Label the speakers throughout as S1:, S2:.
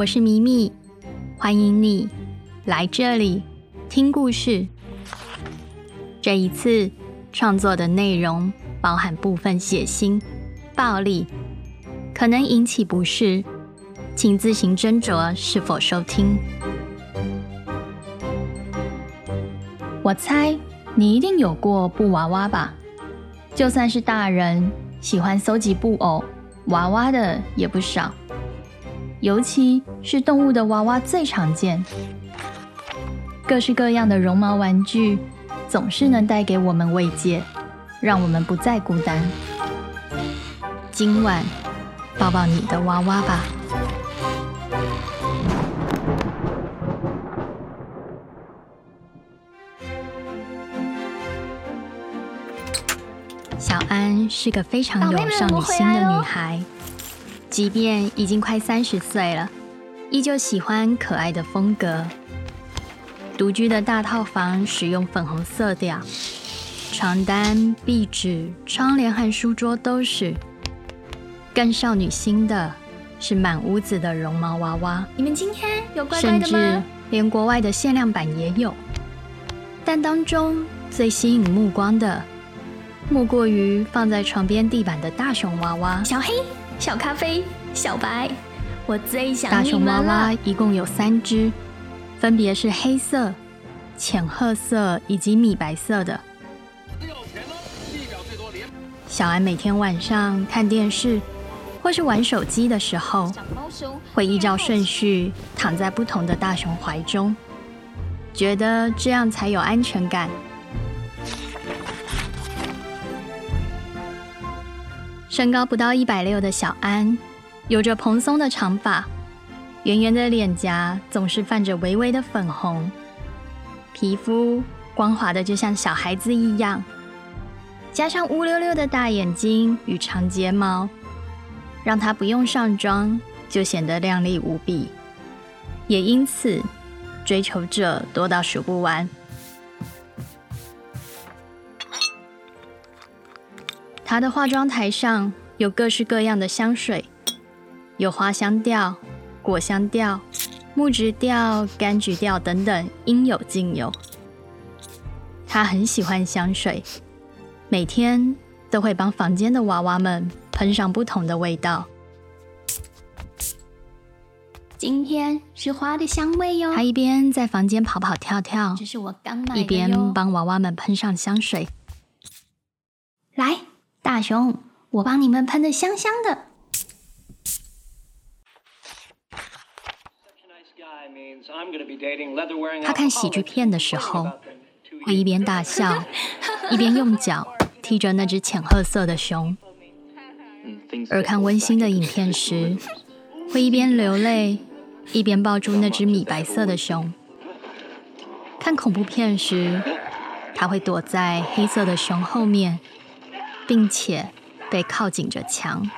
S1: 我是咪咪，歡迎你來這裡聽故事。這一次創作的內容包含部分血腥、暴力，可能引起不適，請自行斟酌是否收聽。我猜你一定有過布娃娃吧？就算是大人，喜歡蒐集布偶、娃娃的也不少。尤其是動物的娃娃最常見，各式各樣的絨毛玩具，總是能帶給我們慰藉，讓我們不再孤單。今晚，抱抱你的娃娃吧。小安是個非常有少女心的女孩。即便已經快三十歲了，依舊喜歡可愛的風格。獨居的大套房使用粉紅色調，床單、壁紙、窗簾和書桌都是。更少女心的是滿屋子的絨毛娃娃。你們今天有乖乖的嗎？甚至連國外的限量版也有。但當中最吸引目光的，莫過於放在床邊地板的大熊娃娃，小黑、小咖啡、小白，我最想你們了。大熊娃娃，一共有三隻，分別是黑色、淺褐色以及米白色的。小安每天晚上看電視或是玩手機的時候，會依照順序躺在不同的大熊懷中，覺得這樣才有安全感。身高不到一百六的小安，有着蓬鬆的長髮，圓圓的臉頰總是泛着微微的粉紅，皮膚光滑的就像小孩子一樣，加上烏溜溜的大眼睛與長睫毛，讓她不用上妝就顯得靚麗無比，也因此追求者多到數不完。她的化妝台上有各式各樣的香水，有花香調、果香調、木質調、柑橘調等等，應有盡有。他很喜歡香水，每天都會幫房間的娃娃們噴上不同的味道。今天是花的香味喲。他一邊在房間跑跑跳跳，這是我剛買的喲，一邊幫娃娃們噴上香水。來。大熊，我幫你們噴的香香的。
S2: 他看喜劇片的時
S1: 候，會一邊大笑，一邊用腳踢着那只淺褐色的熊。 而看溫馨的影片時，會一邊流淚，一邊抱住那只米白色的熊。 看恐怖片時，他會躲在黑色的熊後面。並且被靠緊着牆，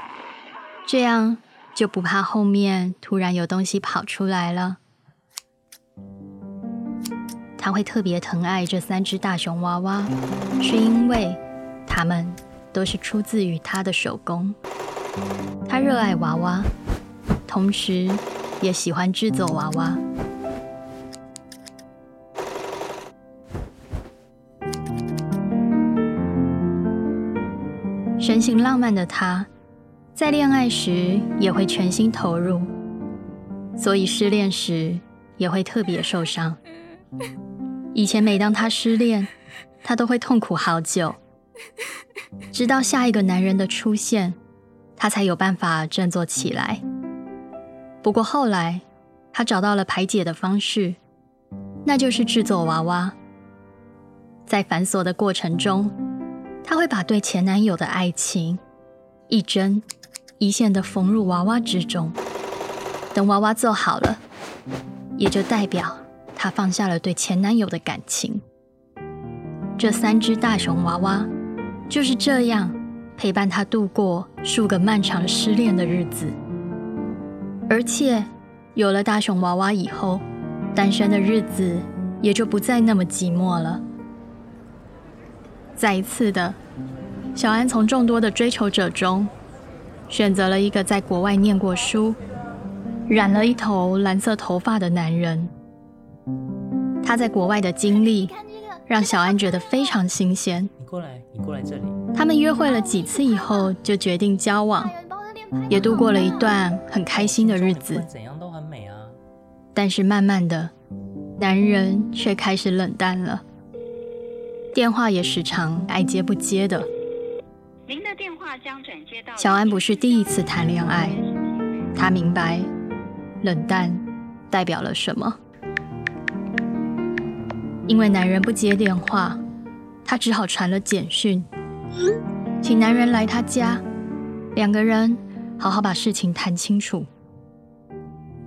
S1: 這樣就不怕後面突然有東西跑出來了。他會特別疼愛這三隻大熊娃娃，是因為他們都是出自於他的手工。他熱愛娃娃，同時也喜歡制作娃娃。神情浪漫的他，在戀愛時也會全心投入，所以失戀時也會特別受傷。以前每當他失戀，他都會痛苦好久，直到下一個男人的出現，他才有辦法振作起來。不過後來，他找到了排解的方式，那就是制作娃娃。在繁瑣的過程中，她會把對前男友的愛情一針一線地縫入娃娃之中，等娃娃做好了，也就代表她放下了對前男友的感情。這三隻大熊娃娃就是這樣陪伴她度過數個漫長失戀的日子，而且有了大熊娃娃以後，單身的日子也就不再那麼寂寞了。再一次的，小安從眾多的追求者中，選擇了一個在國外念過書、染了一頭藍色頭髮的男人。他在國外的經歷讓小安覺得非常新鮮。你過來，
S2: 你過來這裡。
S1: 他們約會了幾次以後，就決定交往，也度過了一段很開心的日子。怎樣都很美啊。但是慢慢的，男人卻開始冷淡了。電話也時常愛接不接的。您的電話將轉接到。小安不是第一次談戀愛，他明白冷淡代表了什麼。因為男人不接電話，他只好傳了簡訊，請男人來他家，兩個人好好把事情談清楚。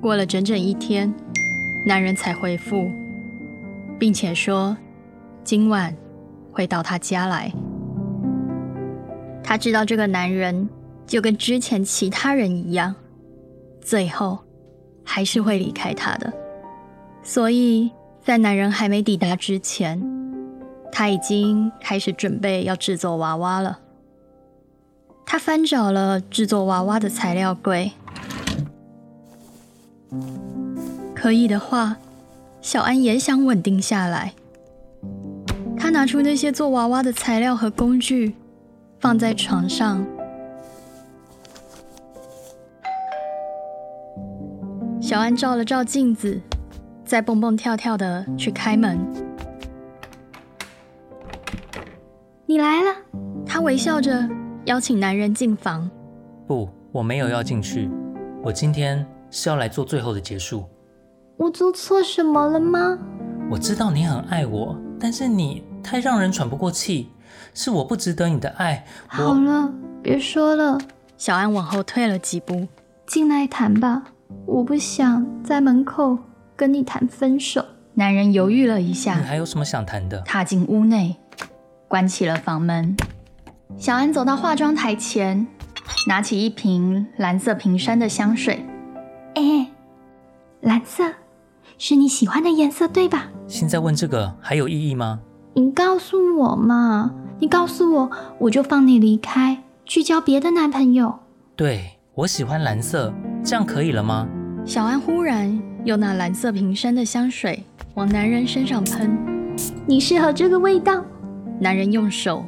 S1: 過了整整一天，男人才回覆，並且說今晚。會到他家來。他知道這個男人就跟之前其他人一樣，最後還是會離開他的。所以在男人還沒抵達之前，他已經開始準備要製作娃娃了。他翻找了製作娃娃的材料櫃。可以的話，小安也想穩定下來。他拿出那些做娃娃的材料和工具，放在床上。小安照了照鏡子，再蹦蹦跳跳的去開門。你來了，他微笑着邀請男人進房。
S2: 不，我沒有要進去。我今天是要來做最後的結束。
S1: 我做錯什麼了嗎？
S2: 我知道你很愛我。但是你太讓人喘不過氣，是我不值得你的愛。
S1: 好了，別說了。小安往後退了幾步。進來談吧，我不想在門口跟你談分手。男人猶豫了一下，你
S2: 還有什麼想談的？
S1: 踏進屋內，關起了房門。小安走到化妝台前，拿起一瓶藍色瓶身的香水，哎、欸，藍色。是你喜歡的顏色，對吧？
S2: 現在問這個還有意義嗎？
S1: 你告訴我嘛，你告訴我，我就放你離開，去交別的男朋友。
S2: 對，我喜歡藍色，這樣可以了嗎？
S1: 小安忽然用那藍色瓶身的香水往男人身上噴，你適合這個味道。男人用手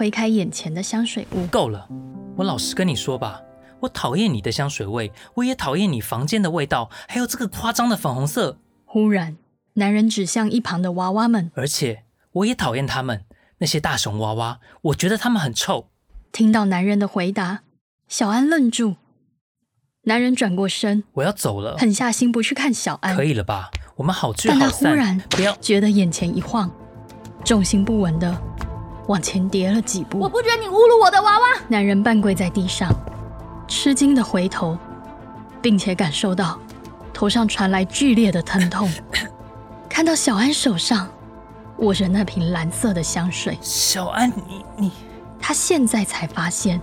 S1: 揮開眼前的香水霧。
S2: 夠了，我老實跟你說吧，我討厭你的香水味，我也討厭你房間的味道，還有這個誇張的粉紅色。
S1: 忽然，男人指向一旁的娃娃們，
S2: 而且我也討厭他們那些大熊娃娃，我覺得他們很臭。
S1: 聽到男人的回答，小安愣住。男人轉過身，
S2: 我要走了，狠
S1: 下心不去看小安，可
S2: 以了吧？我們好聚好散。但他忽然
S1: 覺得眼前一晃，重心不穩的往前跌了幾步。我不准你侮辱我的娃娃！男人半跪在地上，吃驚的回頭，並且感受到。頭上傳來劇烈的疼痛， 看到小安手上握着那瓶藍色的香水，小安，你你，他現在才發現，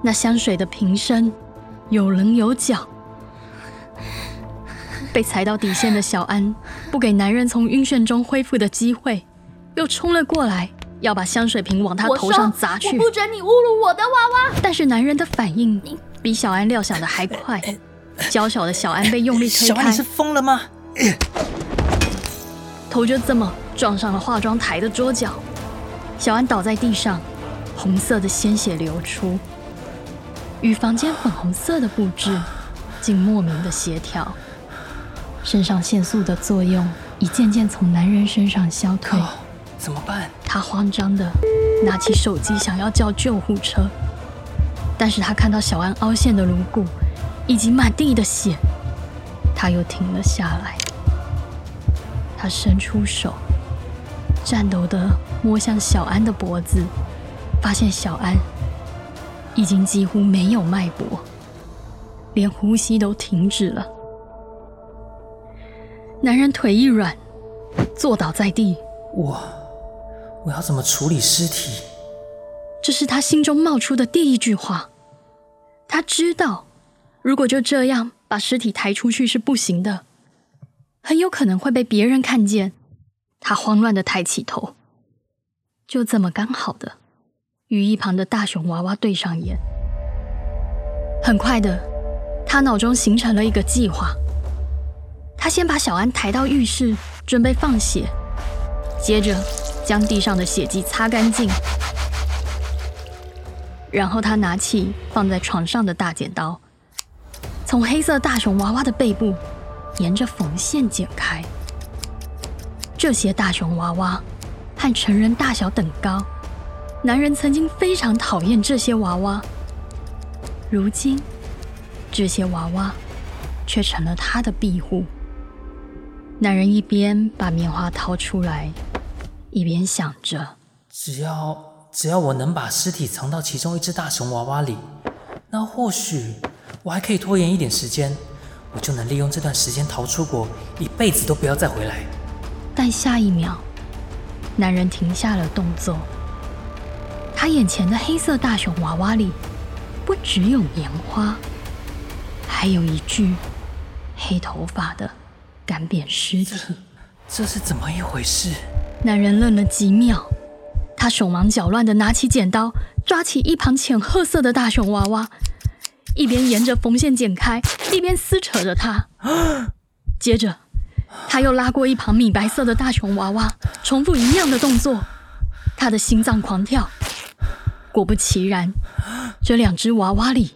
S1: 那香水的瓶身有稜有角， 被踩到底線的小安不給男人從暈眩中恢復的機會，又衝了過來，要把香水瓶往他頭上砸去。我說，我不准你侮辱我的娃娃。但是男人的反應比小安料想的還快。 嬌小的小安被用力推開，小安，你是瘋了嗎？頭就這麼撞上了化妝台的桌角，小安倒在地上，紅色的鮮血流出，與房間粉紅色的布置竟莫名的協調。腎上腺素的作用已漸漸從男人身上消退，怎麼辦？他慌張地拿起手機想要叫救護車，但是他看到小安凹陷的顱骨。以及滿地的血，他又停了下來。他伸出手，顫抖地摸向小安的脖子，發現小安已經幾乎沒有脈搏，連呼吸都停止了。男人腿一軟，坐倒在地。我，
S2: 我要怎麼處理屍體？
S1: 這是他心中冒出的第一句話。他知道。如果就這樣把屍體抬出去是不行的，很有可能會被別人看見。他慌亂地抬起頭，就這麼剛好的與一旁的大熊娃娃對上眼。很快的，他腦中形成了一個計劃。他先把小安抬到浴室，準備放血，接着將地上的血跡擦乾淨，然後他拿起放在床上的大剪刀。從黑色大熊娃娃的背部，沿着縫線剪開。這些大熊娃娃，和成人大小等高。男人曾經非常討厭這些娃娃，如今，這些娃娃，卻成了他的庇護。男人一邊把棉花掏出來，一邊想着：
S2: 只要只要我能把屍體藏到其中一隻大熊娃娃裡，那或許。我還可以拖延一點時間，我就能利用這段時間逃出國，一輩子都不要再回來。
S1: 但下一秒，男人停下了動作。他眼前的黑色大熊娃娃裡，不只有棉花，還有一具黑頭髮的乾扁屍體。這，
S2: 這是怎麼一回事？
S1: 男人愣了幾秒，他手忙腳亂的拿起剪刀，抓起一旁淺褐色的大熊娃娃。一邊沿着縫線剪開，一邊撕扯着他。接着，他又拉過一旁米白色的大熊娃娃，重複一樣的動作。他的心臟狂跳。果不其然，這兩隻娃娃裡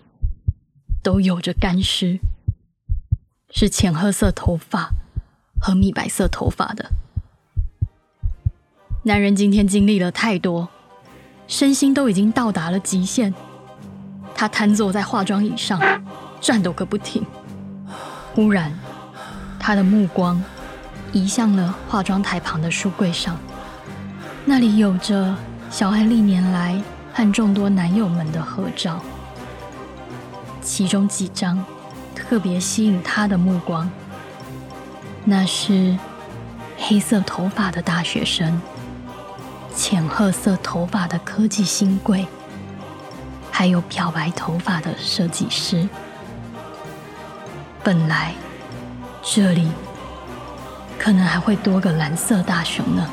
S1: 都有着乾屍，是淺褐色頭髮和米白色頭髮的。男人今天經歷了太多，身心都已經到達了極限。她癱坐在化妝椅上，顫抖個不停。忽然，她的目光移向了化妝台旁的書櫃上，那裡有着小艾歷年來和眾多男友們的合照，其中幾張特別吸引她的目光。那是黑色頭髮的大學生，淺褐色頭髮的科技新貴。還有漂白頭髮的設計師，本來這裡可能還會多個藍色大熊呢。